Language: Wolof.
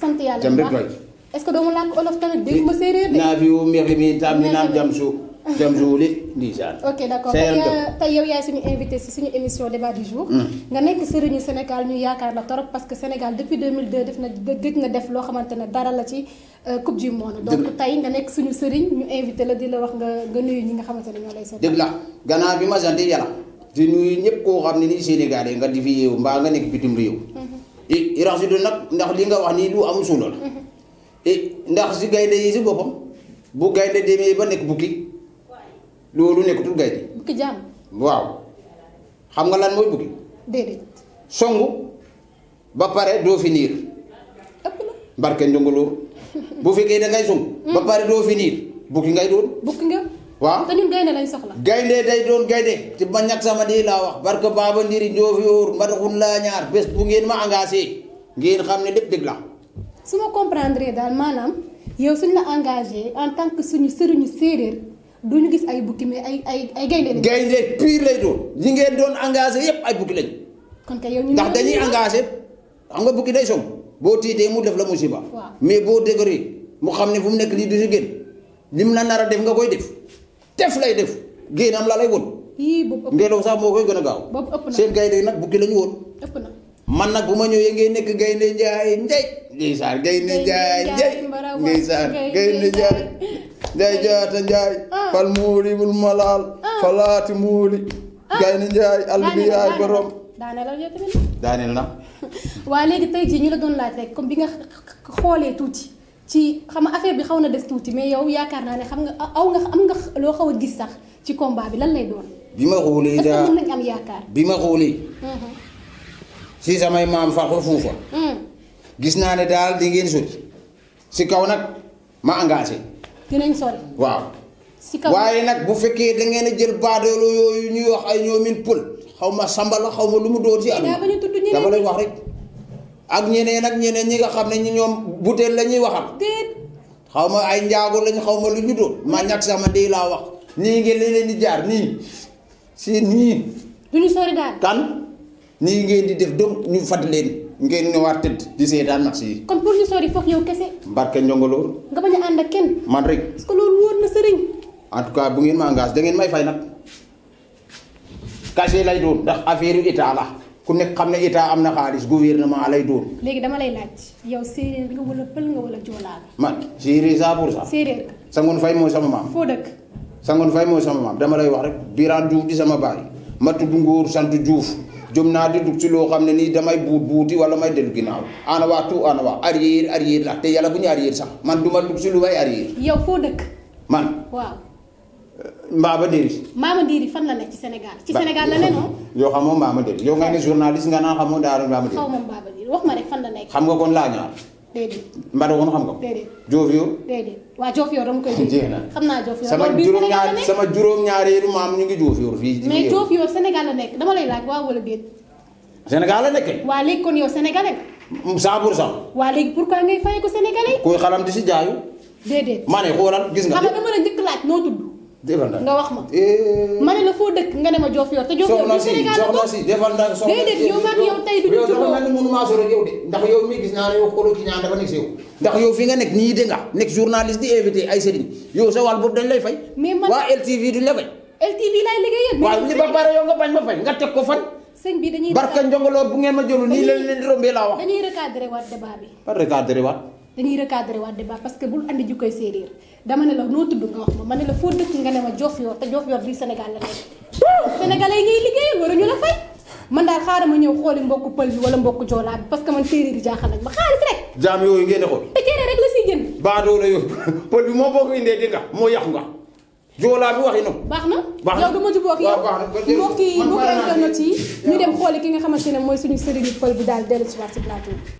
sant yàlla jam rek doy est-ce que doomu ma séeréer de naa fi wu meexi mi tam ni naam euh, yow yaay suñu invité si suñu émission débat du jour hmm. nga nekk sëriñu Sénégal ñu yaakaar la torop parce que Sénégal depuis 2002 def na gëj na def loo xamante ne dara la ci euh, coupe du monde donc tey nga nekk suñu sëriñ ñu invité la di wax nga nga nuyu nga xamante ne ñoo lay seet dëgg la gannaaw bi ma sant yàlla di nuyu ñëpp koo xam ne nii Sénégal yi nga di fi yeewu mbaa nga nekk irascible nag ndax li nga wax nii lu am suuna la mm-hmm. ndax si gaynde yi si boppam bu gaynde demee ba nekk bukki loolu nekkatul gaynde bukki jàmm waaw xam nga lan mooy bukki déedéet songu ba pare doo finir mbarke ndongoloo bu fekkee da songu ba pare doo finir bukki ngay doon waaw te ñun gaynde lañ soxla. gaynde day doon gaynde. te ma ñàkk sama dee laa wax. barke Baba Ndiri Ndiofior Mbadakhoune laa ñaar bés bu ngeen ma engagé ngeen xam ne lépp dëgg su ma comprendre daal maanaam yow suñ la engagé en tant que suñu sëriñu séeréer du ñu gis ay bukki mais ay ay ay gaynde lañ. gaynde pire lay doon. ñi ngeen doon engagé yépp ay bukki lañ. ñu ndax dañuy engagé xam nga bukki day som boo tiitee mu def la musiba. mais boo déggooree mu xam ne fu mu nekk lii du si gën mu na nar a def nga koy def. tef lay def génnam laa lay won ngelaw sax moo koy gën a gaaw seen gaynde nag man nag bu ma ñëwee ngay nekk gaynde njaay njaay ndeysaan gaynde njaay njaay ndeysaan gaynde njaay jaata njaay ah. fal muuri bul malaal ah. falaati muuri ah. gaynde njaay àll borom daaneel na waa léegi tey jii ñu la doon laaj rek comme bi nga xoolee tuuti ci xam affaire bi xaw na des tuuti mais yow yaakaar naa ne xam nga aw nga am nga loo xaw a gis sax ci combat bi lan lay doon. bi ma xoolee daa mën nañ am yaakaar. bi ma xoolee. si samay maam faxul fuufa. gis naa ne daal di ngeen sori. si kaw nag ma engagé. dinañ sori. waaw. si kaw waaye nag bu fekkee da ngeen a jël baadoolo yooyu ñuy wax ay ñoomin pël xaw ma sambal xaw ma lu mu doon si. àll dama lay wax rek. ak ñeneen ak ñeneen ñi nga xam ne ñi ñoom butéel la ñuy waxal déet xaw ma ay njaago lañ xaw ma lu ñu doon ma ñàkk sama day laa wax nii ngeen leen di jaar nii si nii. du ñu sori daal kan nii ngeen di def donc ñu fat leen. ngeen war tëdd di seetaan nag si. kon pour ñu sori foog yow kese. mbarke njongoloor. nga bañ a ànd ak kenn. man rek. parce que loolu wóor na sëriñ. en tout cas bu ngeen ma engagé da ngeen may fay nag cachet lay doon ndax affaire yu état la. ku nekk xam ne état am na xaalis gouvernement lay doon. léegi dama lay laaj yow séeréer nga wala pël nga wala joolaa nga. man séeréer cent pour cent. séeréer. Sangoon Faye mooy sama maam. foo dëkk. Sangoon Faye mooy sama maam dama lay wax rek Birane Diouf di sama baay ma tudd Ngor sant Diouf jom naa di dugg ci loo xam ne nii damay buut buuti wala may dellu ginnaaw ana waa tout ana waa arrière arrière la te yàlla bu ñu arrière sax man du ma dugg ci lu may arrière. foo dëkk. man Mbaba Diri. Mbaba Diri fan la nekk ci Sénégal. ci Sénégal la ne noonu. yoo xamoo Mbaba Diri yow nga ne la nekk. xam nga kon laa ñaar. déedéet. Mbada woon xam nga ko. déedéet Joof yow. déedéet dama na xam naa Joof yow. sama juróom-ñaar sama juróom-ñaareelu maam ñu ngi Joof yow fii. mais Joof yow Sénégal la nekk dama lay laaj waaw wala déet. Sénégal la nekkee. waa léegi kon yow sénégalais la. cent pour cent. waa léegi pourquoi a fayee ko sénégalais. kuy xalam di si jaayu. déedéet ma xoolal gis nga. xam nga dama la njëkk laaj noo tudd. defal ndànk nga wax eh. ma. ne la foo dëkk nga ma si soxna si yow ak yow tey du ñu mënu yow ndax yow gis ne yow yow ndax yow fi nga nga journaliste di invité ay yow sa dañ lay LTV di fay. LTV ba yow nga bañ ma fay nga ko fan. sëñ bi dañuy barka bu ngeen ma jëlu leen dañuy recadrer waat débat parce que bul andi jukkoy séeréer dama ne la noo tudd nga wax ma ma ne la foo dëkk nga ne ma Diofior te man daal xaaral ma ñëw xooli mbokku pël wala mbokku joolaa parce que man séeréer yi jaaxal nañ ma xaalis rek jaam yooyu ngeen di xool te cere rek la siy jënd baadoo la yow pël bi moom boo ko indee di moo yàqu nga joolaa bi waxi na baax na yow du ma juboo ak yow mbokk yi mbokk yi ñu dem xooli ki nga xamante ne mooy suñu sëriñu pël bi daal dellu si waat si plateau